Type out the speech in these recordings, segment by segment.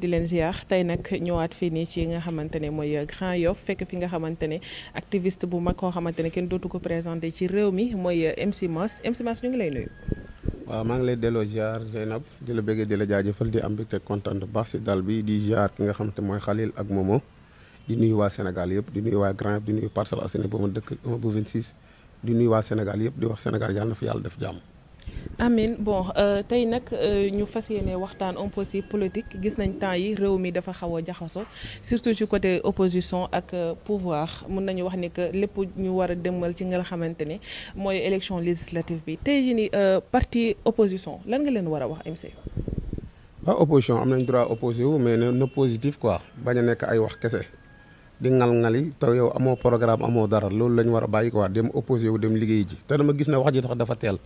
di leen ziar tey nag ñëwaat fii nii ci nga xamante ne mooy Grand Yoff fekk fi nga xamante ne activiste bu mag koo xamante ne kenn dootu ko présenté ci réew mi mooy MC Mass MC ngi lay nuyu. waaw maa ngi lay delloo ziar Zeynab di la bëggee di la jaajëfal di am mbégte kontaan bu baax si dal bi di ziar ki nga xamante mooy Khalil ak Momo di nuyu waa Sénégal yëpp di nuyu waa Grand Yoff di nuyu Parcelles Assainies bu dëkk bu di nuyu waa Sénégal yëpp di wax Sénégal yàlla na fi yàlla def jàmm. amin bon euh, tey nag euh, ñu fas yéene waxtaan un politique gis nañ temps yi réew mi dafa xaw a jaxaso surtout ci côté opposition ak euh, pouvoir mun nañu wax ni que lépp ñu war a demal ci nga xamante ne mooy élection législative bi tey jii ni parti opposition lan nga leen war a wax MC. waaw opposition am nañ droit opposé wu mais na positif quoi bañ a nekk ay wax kese di ngal-ngali taw yow amoo programme amoo dara loolu la ñu war a bàyyi quoi dem opposé wu dem liggéey ji te gis ne wax ji tax dafa teel.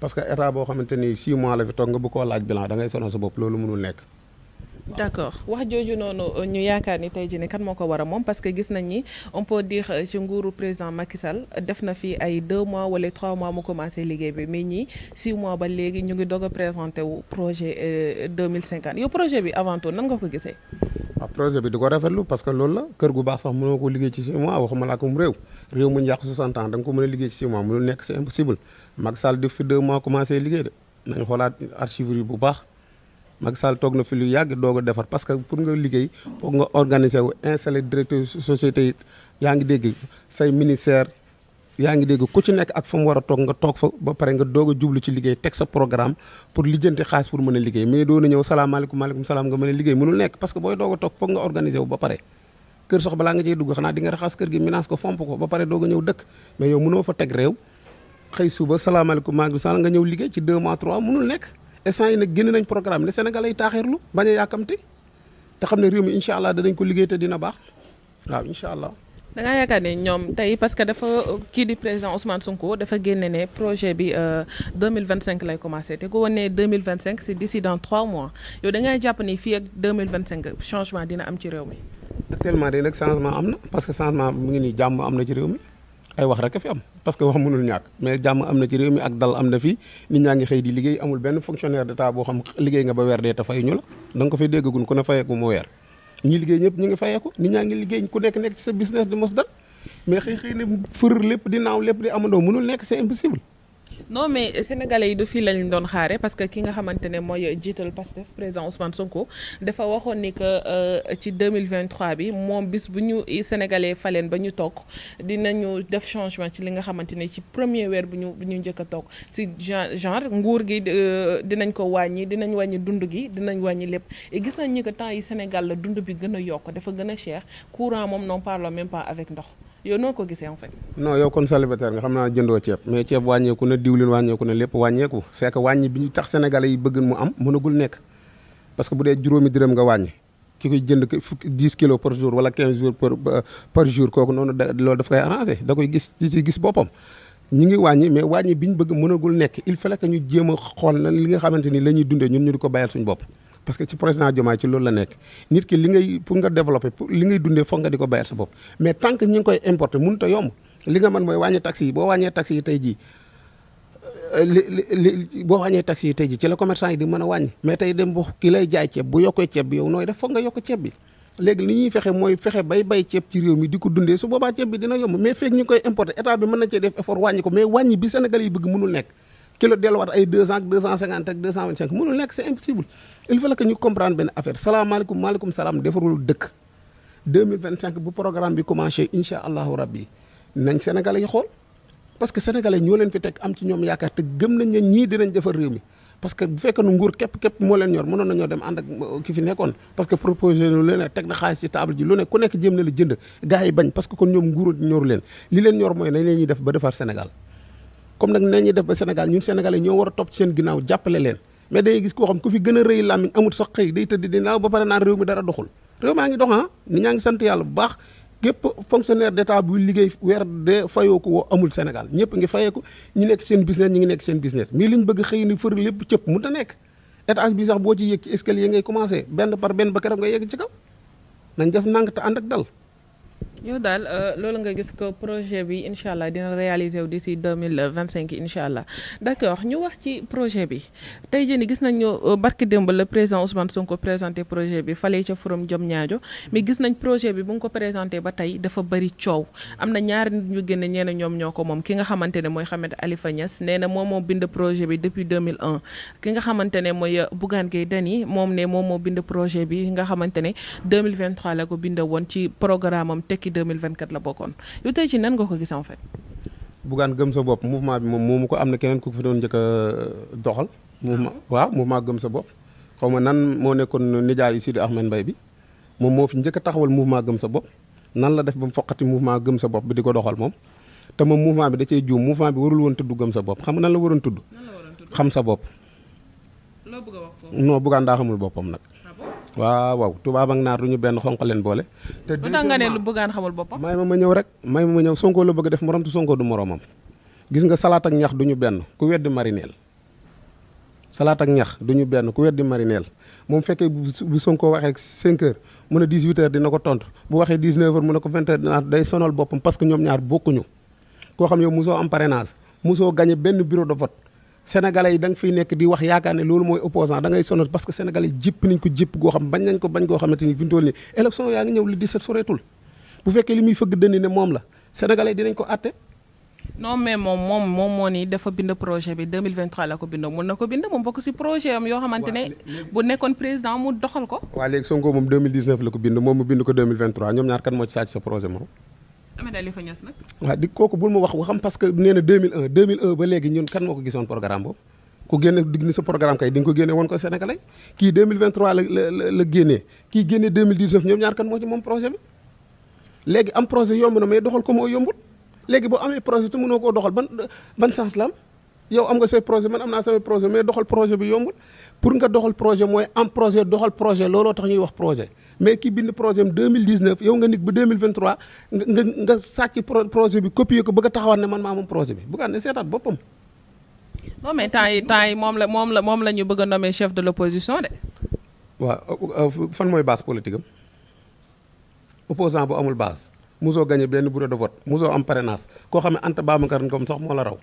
parce que état boo xamante ni 6 mois la fi toog nga bu koo laaj bilan da ngay sonal sa bopp loolu mënul nekk. d' wax jooju noonu ñu yaakaar ni tey jii ni kan moo ko war a moom parce que gis nañ ni on peut dire euh, ci euh, def na fi ay 2 mois wala 3 mois mu commencé liggéey bi mais ñii 6 mois ba léegi ñu ngi doog a présenté wu projet 2050 euh, yow projet bi avant tout nan nga ko gisee. projet bi di ko rafetlu parce que loolu la kër gu baax sax mënoo ko liggéey ci 6 mois waxuma laa ko mu réew réew mu ñu yàqu 60 ans da nga ko a liggéey ci 6 mois mënul nekk c'est impossible Macky Sall def fi 2 mois liggéey de nañ xoolaat archives bu baax Macky saal toog na fi lu yàgg doog a defar parce que pour nga liggéey poog nga organiser wu installer directeur société yi yaa ngi dégg say ministère yaa ngi dégg ku ci nekk ak fa mu war a toog nga toog fa ba pare nga doog a jublu ci liggéey teg programme pour lijjanti xaalis pour mën a liggéey mais doo na ñëw salaamaaleykum maaleykum salaam nga mën a liggéey mënul nekk parce que booy doog a toog foog nga organiser wu ba pare kër sax balaa nga cey dugg xanaa di nga raxas kër gi minace ko ba pare doog a ñëw dëkk mais yow mënoo fa teg réew xëy suba salaamaaleykum maaleykum salaam nga ñëw liggéey ci 2 mois 3 mënul nekk essant na nag génn nañ programme ne Sénégal ay taaxeerlu bañ a yàkkamti te xam ne réew mi incha allah danañ ko liggéey te dina baax waaw incha allah da yaakaar ne ñoom tey parce que dafa kii di président Ousmane Sonko dafa génne ne projet bi 2025 euh, lay commencé te ko wane ne 2025 c'est d'ici dans 3 mois yow da ngay jàpp ni fii ak 2025 changement dina am ci réew mi. actuellement de nag changement am na parce que changement mu ngi nii jàmm am na ci réew mi ay wax rek a fi am parce wax mënul ñàkk mais jàmm am na ci réew mi ak dal am na fi nit ñaa ngi xëy di liggéey amul benn fonctionnaire d'état boo xam liggéey nga ba weer dee te fayuñu ñi liggéey ñëpp ñu ngi fayeeku nit ñaa ngi liggéey ku nekk nekk ci sa business di mos dara mais xëy xëy ne fër lépp di naaw lépp di amandoo mënul nekk c'est impossible non mais sénégalais yi du fii lañ doon xaare parce que ki nga xamante ne mooy jiital Pastef président Ousmane Sonko dafa waxoon ni que euh, ci 2023 bi moom bis bu ñu sénégalais faleen ba ñu toog dinañu def changement ci li nga xamante ne ci premier weer bu ñu bu ñu njëkk a toog si genre nguur gi euh, dinañ ko wàññi dinañ wàññi dund gi dinañ wàññi lépp et gis nañ que temps yi Sénégal la dund bi gën a yokk dafa gën a cher courant moom n'en parlons même pas avec ndox yow noo ko gisee en fait. non yow kon célibataire nga xam naa jëndoo ceeb mais ceeb wàññeeku na diwlin wàññeeku na lépp wàññeeku c'est que wàññi bi ñu tax sénégalais yi bëgg mu am mënagul nekk parce que bu dee juróomi dërëm nga wàññi ki koy jënd fukki 10 kilos par jour wala 15 jours par euh, par jour kooku noonu da daf koy arrangé da koy gis ci gis boppam. ñi ngi wàññi mais wàññi bi ñu bëgg mënagul nekk il fallait que ñu jéem a xool na li nga xamante ni la ñuy dundee ñun ñu di ko bayal suñu bopp parce que ci président Diomaye ci loolu la nekk nit ki li ngay pour nga développer pour li ngay dundee foog nga di ko bayal sa bopp mais tant que koy importer mënut a yomb li nga mën mooy wàññi taxes yi boo wàññee taxes yi tey jii euh, li li boo wàññee taxes yi tey di mën a wàññi mais tey dem bo ki lay jaay ceeb bu yokkee ceeb bi yow nooy def foog nga yokk ceeb bi léegi li ñuy fexe mooy fexe bay bay ceeb ci réew mi di ko dundee su boobaa ceeb bi dina yomb mais feeg ñu ko nekk kilo la delluwaat ay deux cent ak deux cent cinquante ak deux cent vingt cinq mënul nekk c'est impossible il fallait que ñu comprendre benn affaire salaamaaleykum maaleykum salaam defarul dëkk deux vingt cinq bu programme bi commencé incha allahu rabbi nañ sénégalais yi xool parce que sénégalais ñoo leen fi teg am ci ñoom yaakaar te gëm nañ ne ñii dinañ defar ñor dem ànd ak euh, ki fi parce que proposé lu leen teg na xaalis ci table ji lu ne ku nekk jéem na la jënd gars yi bañ parce que kon ñoom nguur leen li leen ñor mooy nañ leen ñuy def comme nag nee ñuy def ba Sénégal ñun sénégalais ñoo war a topp ci seen ginnaaw jàppale leen mais day gis koo xam ku fi gën a rëy làmmiñ amut sax xëy day tëdd di naaw ba pare naan réew mi dara doxul réew maa ngi dox ah nit ñaa ngi sant yàlla bu baax képp fonctionnaire d'état bu liggéey weer de fayoo ko woo amul Sénégal ñëpp ngi fayee ko ñu nekk seen business ñi ngi nekk seen business mais liñ bëgg xëy ni fër lépp cëpp mun ta nekk étage bi sax boo ci yéeg ci ngay commencé benn par benn ba keroog nga yegg ci kaw nañ def nànk te ànd yow daal euh, loolu nga gis ko projet bi incha allah dina réaliser wu d'ici deux mille vingt cinq incha allah d' ñu wax ci projet bi tey jii gis nañu euh, barki démb le président Ousmane Sonko présenté projet bi fale ca forum Diamniadio mais gis nañ projet bi bu nga ko présenté ba tey dafa bëri coow am na ñaari nit ñu génne ñee na ñoom ñoo ko moom ki nga xamante ne mooy Ahmed Khalifa Niass nee na moom moo bind projet bi depuis 2001 ki nga xamante ne mooy euh, Bougane Gueye Dany moom ne moom moo bind projet bi nga xamante ne 2023 la ko bind woon ci programme am tekki Macky 2024 la bokkoon yow tey ci nan nga ko gis en fait. gëm sa bopp mouvement bi moom moomu ko am na keneen ku fi doon njëkk a euh, doxal. mouvement ah. waaw mouvement gëm sa bopp. xaw ma nan moo nekkoon nijaayu Sidi Ahmed Mbaye bi moom moo fi njëkk taxawal mouvement gëm sa bopp nan la def ba mu foqati mouvement gëm sa bopp bi di ko doxal moom. te moom mouvement bi da cee juum mouvement bi warul woon tudd gëm sa bopp xam nga nan la waroon tudd. xam sa bopp. loo bëgg a wax foofu non daa xamul boppam nag. waaw waaw tubaab ak naar du ñu benn xonq leen boole. te lu tax nga ne lu bëggaan xamul boppam. may ma ma ñëw rek may ma ma ñëw Sonko la bëgg def morom te Sonko du moromam. gis nga salaat ak ñax du ñu benn ku weddi marineel salaat ak ñax du ñu benn ku weddi marineel moom fekkee bu Sonko waxee 5 heures mu ne 18 heures dina ko tontu bu waxee 19 heures mu ne ko 20 heures dina day sonal boppam parce que ñoom ñaar bokkuñu koo xam yow musoo am musoo mosoo gagné benn bureau de vote. sénégalais yi da nga fiy nekk di wax yaakaar ne loolu mooy opposant da ngay sonal parce que sénégalais yi jipp nañ ko jipp goo xam ko bañ goo xamante ni fi ñu toll nii élection yaa ngi ñëw li 17 soreetul bu fekkee li muy fëgg dënni ne moom la sénégalais dinañ ko àtte non mais moom moom moom moo ni dafa bind projet moom bokk ci projet am yoo xamante ne bu nekkoon président mu doxal ko waaw léegi Sonko moom la ko bind moom mu bind ko ñoom ñaar kan Ahmed di kooku bul ma wax waxam parce que nee na 2001 2001 ba léegi ñun kan moo ko gisoon programme boobu ku génne dig ni sa programme kay di nga ko génne woon ko Sénégalais kii 2023 la la la génnee kii génne 2019 ñoom ñaar kan moo ci moom projet bi léegi am projet yomb na mais doxal ko moo yombul léegi boo amee projet te mënoo koo doxal ban ban sens la yow am nga say projet man am naa samay projet mais doxal projet bi yombul pour nga doxal projet mooy am projet doxal projet looloo tax ñuy wax projet mais ki bind projet am 2019 yow nga nit ba 2023 nga nga sàcc projet bi copier ko bëgg taxawaat ne man maa moom projet bi bu ko ne seetaat boppam. non mais temps yi temps yi moom la moom la moom ñu bëgg a nommer chef de l' opposition de. waaw euh, euh, fan mooy baas politique am opposant bu amul base mosoo gagné benn bureau de vote mosoo am parrainage koo xam ne Anta Babacar Ngom sax moo la raw.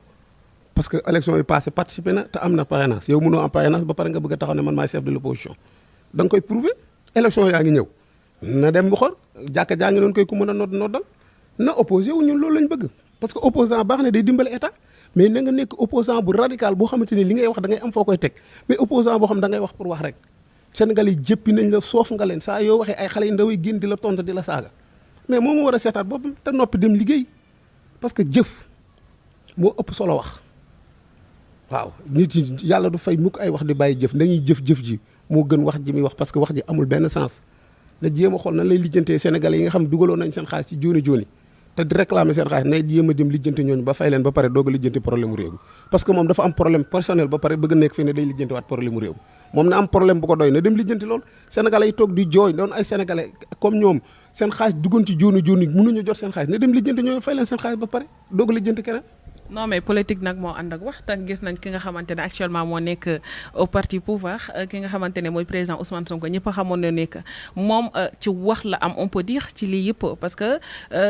parce que élection yi passé participé na te am na parrainage yow mënoo am parrainage ba pare nga bëgg a taxaw ne man maay chef de l' opposition koy prouver élection yaa ngi ñëw na dem bu xor jàkka jaa ngi doon koy ku mën a nodd noddal na opposé ñun loolu lañ bëgg parce que opposant baax na day dimbale état mais na nga nekk opposant bu radical boo xamante ni li ngay wax da ngay am foo koy teg mais opposant boo xam da ngay wax pour wax rek Sénégal yi jëppi nga leen saa yoo waxee ay xale yu ndaw yi génn di la mais moom moo war a seetaat boppam te noppi dem liggéey parce que jëf moo ëpp solo wax waaw nit yi yàlla du fay mukk ay wax di bàyyi jëf dañuy jëf-jëf ji moo gën wax ji muy wax parce que wax ji amul benn sens na jéem a xool yi nga xam dugaloon nañ seen xaalis ci jooni jooni te di réclamer seen a fay leen a lijjanti problème mu réew mi parce que moom dafa am problème personnel ba pare bëgg nekk fii ne day lijjanti waat problème mu réew mi moom na am problème bu ko doy na dem lijjanti loolu sénégalais yi ay sénégalais comme ñoom seen xaalis duggoon ci jooni jooni mënuñu jot seen xaalis na dem lijjanti ñooñu fay leen seen xaalis ba pare doog a lijjanti keneen non mais politique nag moo ànd ak wax te gis nañ ki nga xamante ne actuellement moo nekk euh, au parti pouvoir euh, ki nga xamante ne mooy président Ousmane Sonko ñëpp xamoon ne nekk moom euh, ci wax la am on peut dire ci lii yëpp parce que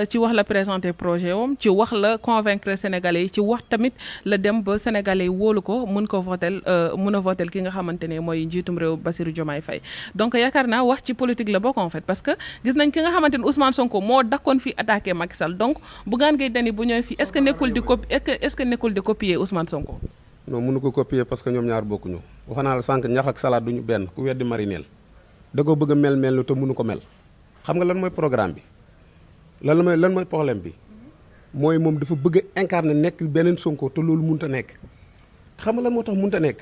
ci wax la présenter projet wam ci wax la convaincre sénégalais yi ci wax tamit la dem ba sénégalais yi wóolu ko mun ko votel mun a votel ki nga xamante ne mooy njiitum réew Bassirou Diomaye Faye donc yaakaar na wax ci politique la bokk en que gis nañ nga xamante ne Ousmane Sonko moo dakkoon fi attaqué Macky Sall est-ce que nekkul de copier Ousmane Sonko. non mënu ko copier parce que ñoom ñaar bokkuñu wax naa la sànq ñax ak salade duñu benn ku weddi marinel da ko bëgg mel mel lu te mënu ko mel xam nga lan mooy programme bi lan mooy lan mooy problème bi mooy moom dafa bëgg a incarner nekk beneen Sonko te loolu mënut a nekk xam nga lan moo tax mënut a nekk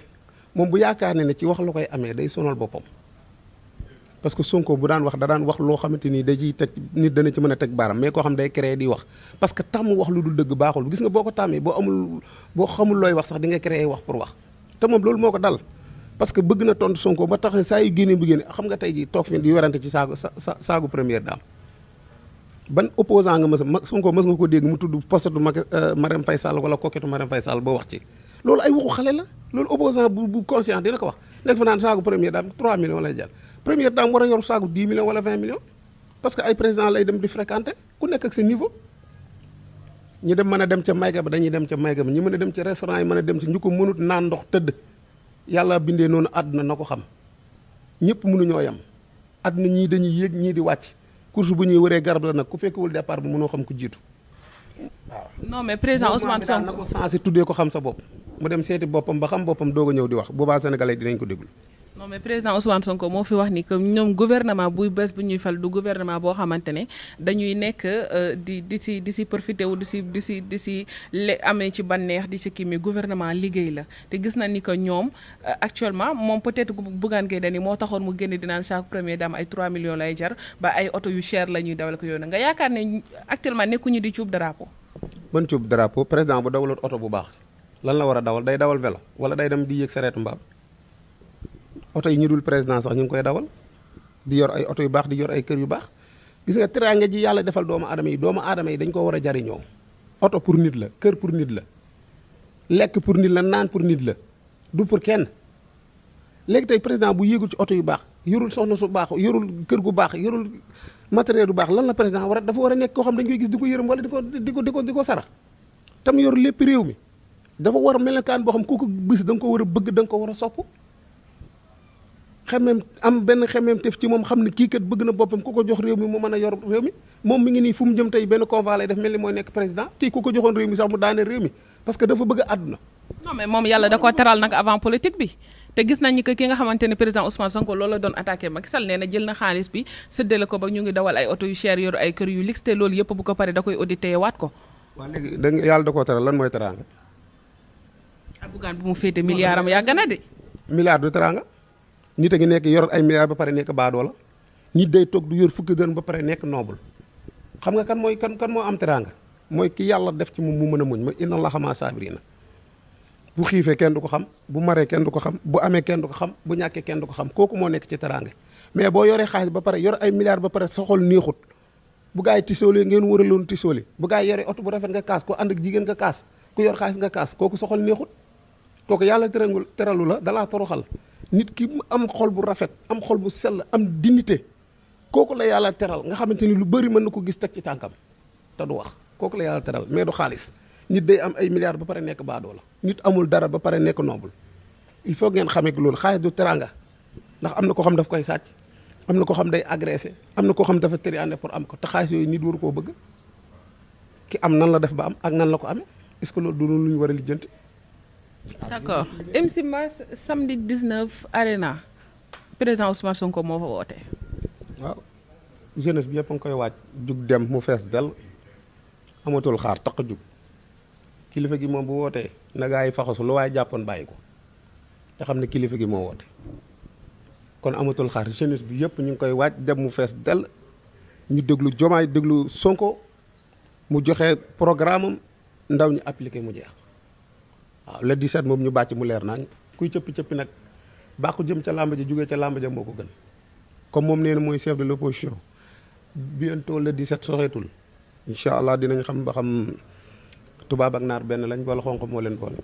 moom bu yaakaar ne ne ci wax la koy amee day sonal boppam. parce que Sonko bu daan wax da daan wax loo xamante ni da ciy teg ci mën a teg baaram mais koo xam day créer di wax parce que tàmm wax lu dul dëgg baaxul gis nga boo ko tàmmee boo amul boo xamul looy wax sax di nga créer wax pour wax te moom loolu moo ko dal parce que bëgg na tontu Sonko ba tax saa yu génne bu génne xam nga tey ji toog fi di werante ci saagu sa saagu première dame ban opposant nga mës a mës nga ko dégg mu tudd postetu euh, Marème Faye Sall wala koketu Marème Faye Sall ba wax ci loolu ay waxu xale la première dame war a yor saagu 10 millions wala 20 millions parce que ay président lay dem di fréquenter ku nekk ak sa niveau ñu dem mën a dem ca mayga ba dañuy dem ca mayga ba ñu mën a dem ci restaurant yi mën a dem ci ñu ko mënut naan ndox tëdd yàlla bindee noonu àdduna na ko xam ñëpp mënuñoo yem àdduna ñii dañuy yéeg ñii di wàcc course bu ñuy waree garab la nag ku fekkewul départ bi mënoo xam ku jiitu waaw. non mais président Ousmane Sonko na ko ko xam sa bopp mu dem seeti boppam ba xam boppam doog a ñëw di wax boobaa sénégalais dinañ ko déglu. non mais président Ousmane Sonko moo fi wax ni que ñoom gouvernement buy bees bu ñuy fal du gouvernement boo xamante ne dañuy nekk euh, di di si di si profité wu di si di si si le amee ci banneex di si kii mi gouvernement liggéey la te gis na ni que ñoom euh, actuellement moom peut-être Bougane Gueye Dany moo taxoon mu génne dinaan chaque premier dame ay 3 millions lay jar ba ay oto yu cher la ñuy dawal ko yow nga yaakaar ne actuellement nekkuñu di cuub drapeau. man cuub drapeau président bu dawaloon oto bu baax lan la war a dawal day dawal vélo wala day dem di yéeg sareetu mbaam. oto yi ñu dul président sax ñu ngi koy dawal di yor ay oto yu baax di yor ay kër yu baax gis nga teraanga ji yàlla defal doomu adama yi doomu aadama yi dañ ko war a jariñoo oto pour nit la kër pour nit la lekk pour nit la naan pour nit la du pour kenn léegi tey président bu yéegul ci oto yu baax yorul soxna su baax yorul kër gu baax yorul matériel bu baax lan la président war a dafa war a nekk koo xam dañ koy gis di ko yërëm wala di ko di ko di di ko sarax tam yor lépp réew mi dafa war a melenkaan boo xam ku ko gis nga ko war a bëgg da ko war sopp xemem am benn xemem tef ci moom xam ne kii kat bëgg na boppam ku ko jox réew mi mu mën a yor réew mi moom mi ngi nii fu jëm tey benn convoi lay def mel ni mooy nekk président tey ku ko joxoon réew mi sax a àdduna teral nag avant politique bi te gis nañ ni que ki nga xamante ne président Ousmane Sonko loolu la doon attaqué Macky Sall nee na jël na xaalis bi séddale ko ba ñu ngi dawal ay oto yu cher yoru ay kër yu luxe te loolu yëpp bu ko paree da koy audité waat ko waaw léegi da yàlla da koo teral lan mooy teraanga ah bugaan bu mu féete milliard yàgg na de milliard du teraanga nit a ngi nekk yor ay milliards ba pare nekk la nit day toog du yor fukki dërëm ba pare nekk noobul xam nga kan mooy kan kan moo am teraanga mooy ki yàlla def ci moom mu mën a muñ ma inna allaha maa saabiriina bu xiifee kenn du ko xam bu maree kenn du ko xam bu amee kenn du ko xam bu ñàkkee kenn du ko xam kooku moo nekk ci teraanga mais boo yore xaalis ba pare yor ay milliards ba pare sa xol bu gaa yi tisooli ngeen wëraloon tisooli bu gaa yi oto bu rafet nga kaas ku ànd jigéen nga kaas ku yor xaalis nga kaas kooku sa xol neexut kooku yàlla terangul teralu la dalaa toroxal nit ki am xol bu rafet am xol bu sell am dignité kooku la yàlla teral nga xamante ni lu bëri mën na ko gis teg ci tànkam te du wax kooku la yàlla teral mais du xaalis nit day am ay milliards ba pare nekk baadoo la nit amul dara ba pare nekk noble il faut ngeen xamee loolu xaalis du teranga ndax am na ko xam daf koy sàcc am na koo xam day agressé am na koo xam dafa tëriande pour am ko te xaalis yooyu nit waru koo bëgg ki am nan la def ba am ak nan la ko amee est-ce que loolu lu ñu war a lijjanti d'accord MC Mass samedi 19 Arena président Ousmane Sonko moo fa woote. waaw jeunesse bi yëpp a ngi koy waaj jug dem mu fees dal amatul xaar taq jug kilifa gi moom bu wootee na yi faxasu lu waaye jàppoon bàyyi ko te xam ne kilifa gi moo woote kon amatul xaar jeunesse bi yëpp ñu ngi koy waaj dem mu fees dal ñu déglu Jomaay déglu Sonko mu joxe programme ndaw ñu appliqué mu jeex. waaw le 17 moom ñu bàcc mu leer nañ kuy cëppi-cëppi nag bàqu jëm ca làmba ja jugee ca làmba moo ko gën comme moom nee na mooy chef de l'opposition bientôt le 17 soxeetul incha allah dinañ xam ba xam tubaab ak naar benn lañ wala xonq moo leen boole.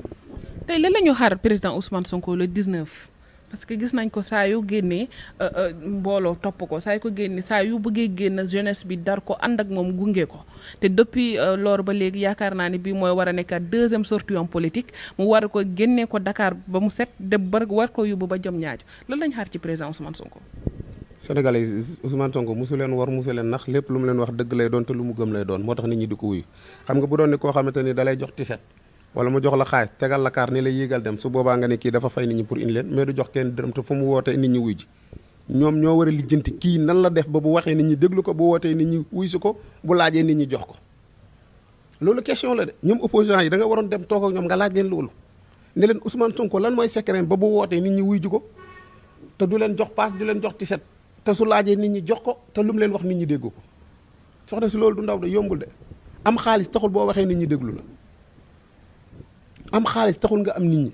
tey lan la ñu xaar président Ousmane Sonko le 19. parce que gis nañ ko saa yu génnee euh, euh, mbooloo topp ko saa yu ko génnee saa yu bëggee génn jeunesse bi dar ko ànd ak moom gungee ko te depuis euh, loor ba léegi yaakaar naa ne bii mooy war a nekkat deuxième sortie en politique mu war ko génnee ko dakaar ba mu set de ba war ko yóbbu ba jom ñaaju loolu lañ xaar ci président Ousmane Sonko. Sénégalais yi Ousmane Sonko mosu leen war mosu leen nax lépp lu mu leen wax dëgg lay doon te lu mu gëm lay doon moo tax nit ñi di ko wuyu xam nga bu koo xamante ni dalay jox tiset wala mu jox la xaalis tegal la kaar ni la yéegal dem su boobaa nga ne kii dafa fay nit ñi pour indi leen mais du jox kenn dërëm fu mu wootee nit ñi wuy ji ñoom ñoo war a lijjanti kii nan la def ba bu waxee nit ñi déglu ko bu wootee nit ñi wuy si ko bu laajee nit ñi jox ko loolu question la de ñoom opposants yi da nga waroon dem toog ak ñoom nga laaj leen loolu ne leen Ousmane Sonko lan mooy secret ba bu wootee nit ñi wuy ji ko te du leen jox paas du leen jox tiset te su laajee nit ñi jox ko te lu mu leen wax nit ñi dégg ko soxna si loolu du ndaw de yombul de am xaalis taxul boo waxee nit ñi déglu la am xaalis taxul nga am nit ñi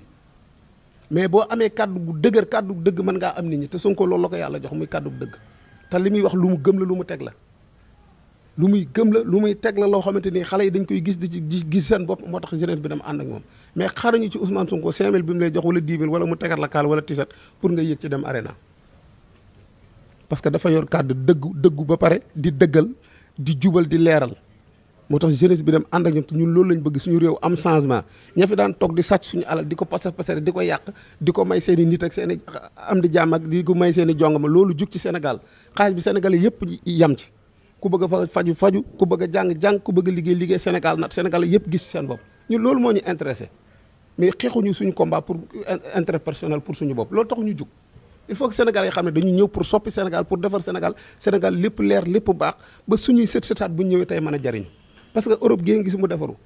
mais boo amee kàddu gu dëgër kàddu dëgg mën ngaa am nit ñi te Sonko loolu la ko yàlla jox muy kàddu gu dëgg te li muy wax lu mu gëm la lu mu teg la lu muy gëm la lu muy teg la loo xamante ni xale yi dañ koy gis di ci gis seen bopp moo tax jeunesse bi dama ànd ak moom mais xaruñu ci Ousmane Sonko 5000 bi mu lay jox wala 10 000 wala mu tegal la kaal wala tisat pour nga yëg ci dem arena parce que dafa yor kàddu dëggu dëggu ba pare di dëggal di jubal di leeral moo tax jeunesse bi dem ànd ak ñoom te ñun loolu lañ bëgg suñu réew am changement ña fi daan toog di sàcc suñu alal di ko pasar pasare di ko yàq di ko may seeni i nit ak seen i am di jàmm ak di ko may seen i jongama loolu jug ci senegal xaalis bi sénégalais yëpp yem ci ku bëgg a faju faju ku bëgg a jàng-jàng ku bëgg liggéey liggéey Sénégal nag Sénégal yëpp gis seen bopp ñu loolu moo ñu intéressé mais xeexuñu suñu combat pour interpersonnel pour suñu bopp loolu tax jug il faut que yi xam ne dañu ñëw pour soppi Sénégal pour defar Sénégal Sénégal lépp leer lépp baax ba suñuy sët sëtaat bu ñëwee tey mën a jariñu parce que Europe gi ngi gis mu defaru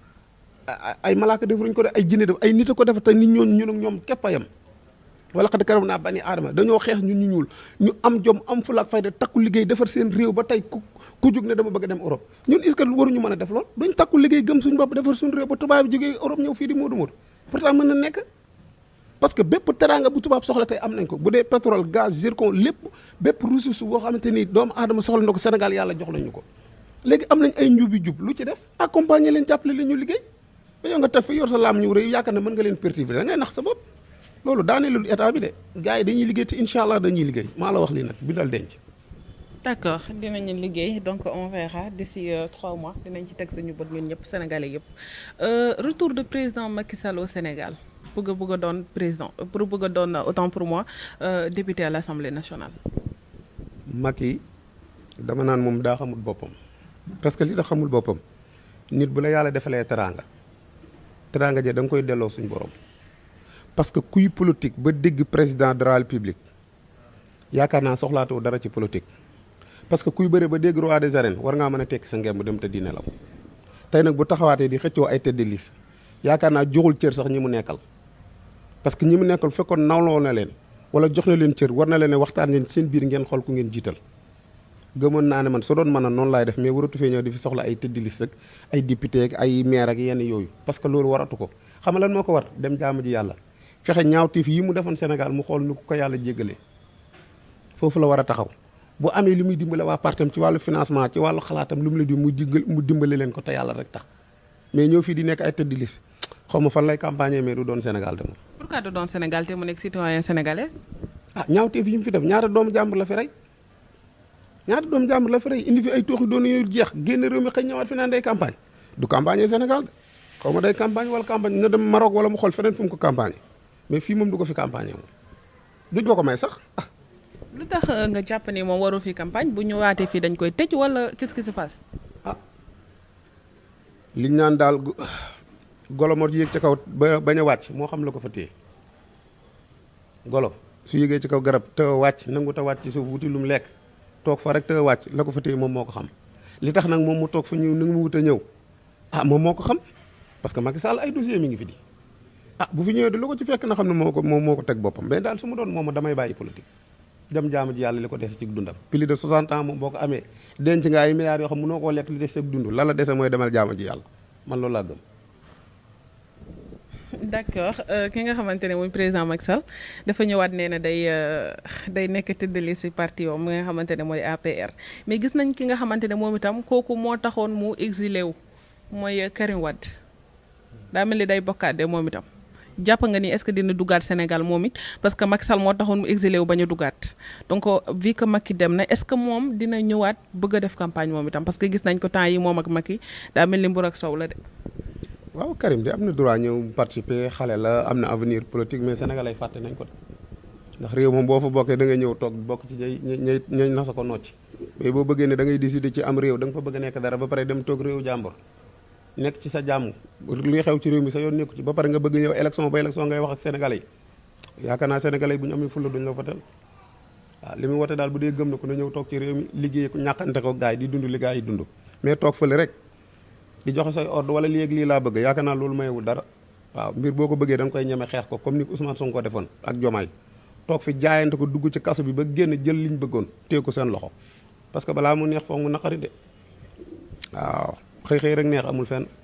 ay malaaka defaruñ ko de ay jinne def ay nit a ko defar te nit ñooñu ñun ak ñoom képp a yem wala xad karam naa bani aadama dañoo xeex ñun ñu ñuul ñu am jom am fulaak fayda takku liggéey defar seen réew ba tey ku ku jug ne dama bëgg a dem Europe ñun est waruñu mën a def lool duñ takku liggéey gëm suñ bopp defar suñu réew ba tubaab bi jógee Europe ñëw fii di moodu moodu pourtant mën na nekk parce bépp teraanga bu tubaab soxla tey am nañ ko bu dee pétrole gaz zircon lépp bépp ressource boo xamante ni doomu aadama soxla na ko Sénégal yàlla jox nañu ko léegi am nañ ay njubi jub lu ci def accompagner leen jàppale leen ñu liggéey mais yow nga taf fi yor sa laam ñu réew yaakaar ne mën nga leen perturber da ngay nax sa bopp loolu daaneelul état bi de gars yi dañuy liggéey te incha allah dañuy liggéey maa la wax lii nag bindal denc. d'accord dinañu liggéey donc on verra d'ici euh, trois mois dinañ ci teg sa suñu bët ñun ñëpp sénégalais yëpp euh, retour de président Macky Sall Sénégal bëgg a bëgg doon président pour bëgg a doon autant pour moi euh, député à l'Assemblée nationale. Macky dama naan moom daa xamul boppam. parce que li tax xamul boppam nit bu la yàlla defalee teraanga teraanga je da nga koy delloo suñu borom parce que kuy politique ba dégg président de la république yaakaar naa soxlaatoo dara ci politique. parce que kuy bëre ba dégg roi des war ngaa mën a tekki sa ngeen ngemb dem te di nelaw tey nag bu taxawaatee di xëccoo ay tête de yaakaar naa joxul cër sax ñi mu nekkal parce que ñi mu nekkal fekkoon nawloo na leen wala jox na leen cër war na leen waxtaan leen seen biir ngeen xool ku ngeen jiital. gëmoon naa ne man su doon man a noon laay def mais waratu fee ñëw di fi soxla ay tëdd liste ay député ak ay maire ak yenn yooyu parce que loolu waratu ko xam nga lan moo ko war dem jaamu ji yàlla fexe ñaawteef yi mu defoon Sénégal mu xool nu ko yàlla jéggalee foofu la war a taxaw bu amee lu muy dimbale waa partam ci wàllu financement ci wàllu xalaatam lu mu la di mu jéggal mu dimbale leen ko te yàlla rek tax mais ñëw fii di nekk ay tëdd liste xaw ma fan lay campagne mais doon Sénégal te moom. pourquoi du doon te mu nekk citoyen sénégalais. ah ñaawteef yi mu fi def ñaata doomu jàmbur la fi rey ñaata doom jàmbur la fa rey indi fi ay tooxi doon yu jeex génn réew mi xëy ñëwaat fi naan day campagne du campagne Sénégal de xaw ma day campagne wala campagne na dem Maroc wala mu xool feneen fu ko campagne mais fii moom du ko fi campagne moom duñ ko ko may sax ah. lu tax euh, nga jàpp ne moom waru fi campagne bu ñëwaatee fii dañ koy tëj wala qu'est-ce qui se passe. ah liñ naan daal golo moo yéeg ca kaw ba bañ a wàcc moo xam la ko fa téye golo su yéegee ci kaw garab te wàcc nangu te wàcc ci suuf wuti lu lekk. toog fa rek te wàcc la ko fa téye moom moo ko xam li tax nag moom mu toog fa ñëw na mu wut a ñëw ah moom moo ko xam parce que Macky Sall ay dossier mi ngi fi di ah bu fi ñëwee de lu ci fekk na xam ne moo ko moom moo ko teg boppam mais daal su mu doon moom damay bàyyi politique jam jaamu ji yàlla li ko dese ci dundam plus de 60 ans moom boo ko amee denc nga ay milliards yoo xam mënoo koo lekk li def sa dund la la dese mooy demal jaamu ji yàlla man loolu laa gëm d' accord euh, ki nga xamante ne muy président Macky Sall dafa ñëwaat nee na day euh, day nekk tëddali si parti yow mi nga xamante ne mooy APR mais gis nañ ki nga xamante ne moom itam kooku moo taxoon mu exilé wu mooy Karim Wade daa mel ni day bokkaat de moom itam jàpp nga ni est ce que dina duggaat Sénégal moom it parce que Macky moo taxoon mu exilé wu bañ a duggaat donc vu que Macky dem na est ce que moom dina ñëwaat bëgg def campagne moom itam parce que gis nañ ko temps yi moom ak Macky daa mel ni mbur ak la de. waaw Karim de am na droit ñëw participer xale la am na avenir politique mais Sénégal ay fàtte nañ ko ndax réew moom boo fa bokkee da nga ñëw toog bokk ci ñay ñay ñay nasa boo bëggee ne da ngay décider ci am réew da nga fa bëgg a nekk dara ba pare dem toog réew jàmbur nekk ci sa jàmm luy xew ci réew mi sa yoon nekku ci ba pare nga bëgg ñëw élection ba élection ngay wax ak sénégalais yi yaakaar naa sénégalais yi bu ñu amee fulla duñ la votel waaw li muy wote daal bu dee gëm na ko na ñëw toog ci réew mi liggéey ko ko gaay di dund li yi dund mais toog fële rek di joxe say ordre wala léegi lii laa bëgg yaakaar naa loolu mayewul dara waaw mbir boo ko bëggee da koy ñeme xeex ko comme ni Ousmane Sonko ko defoon ak Jomaay toog fi jaayante ko dugg ci kaso bi ba génn jël liñ bëggoon téye ko seen loxo parce que balaa mu neex foog mu naqari de waaw xëy xëy rek neex amul fen